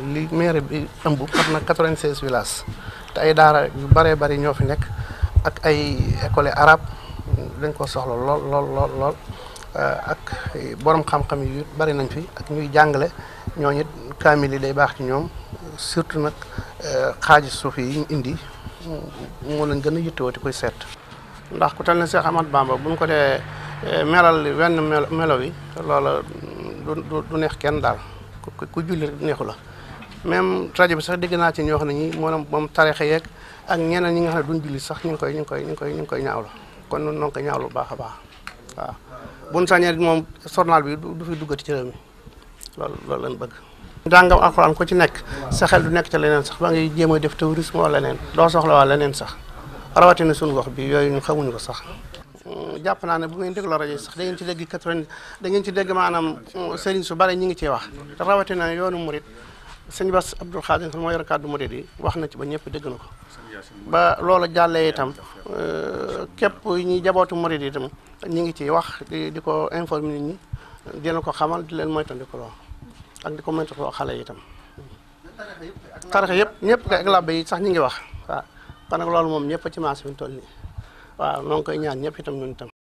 li maire bi ëmb xam na 96 villages te ay daara yu bëree bëri ñoo fi nekk ak ay école arabe dañ ko soxla lool lool lool eh, ak borom xam-xam yu bari nañ fi ak ñuy jàngale ñooñu it kaamil yi day baax ci ñoom surtout nag eh, xaaji suuf yi indi moo lañ gën a yittewoo di koy seet. ndax ku tal na Cheikh Ahmad Bamba bu ko dee eh, melal wenn melo melo wi loola du neex kenn daal ku julli rek neexu la. même rajo bi sax dégg naa ci ñoo xam ne ñi moom moom tarixa yeeg ak ñeneen ñi nga xam ne duñ julli sax ñu ngi koy ñu koy ñu koy ñu koy ñaawlu kon noonu noo ngi koy ñaawlu bu baax a baax waaw buñ sañee moom journal bi du fi duggati ci réew loolu lañ bëgg dàngam alxuraan ko ci nekk sa xel du nekk leneen sax ba ngay jéem a def tourisme wala leneen doo soxla wala leneen sax rawatina suñu gox bi yooyu ñu xamuñu ko sax hmm, jàpp naa ne bu ngeen déglu rajo sax da ngeen ci dégg 80 da ngeen ci dégg maanaam hmm, sëriñ su bare ñi ngi ciy wax rawatina yoonu murit sëñ Bass Abdou Khadir mooy yor kàddu murid yi wax na ci ba ñëpp dégg na ko ba loola jàllee itam euh, képp ñi jabootu murid yi itam ngi ciy wax di di ko informer nit ñi dina ko xamal di leen moytandikuloo ak di ko moytandikuloo xale yi itam tarixa yëpp ñëpp kay ak labbe yi sax ñi ngi wax waaw kon nag loolu moom ñëpp a ci maas fi mu toll nii waaw noo koy ñaan ñëpp itam ñun itam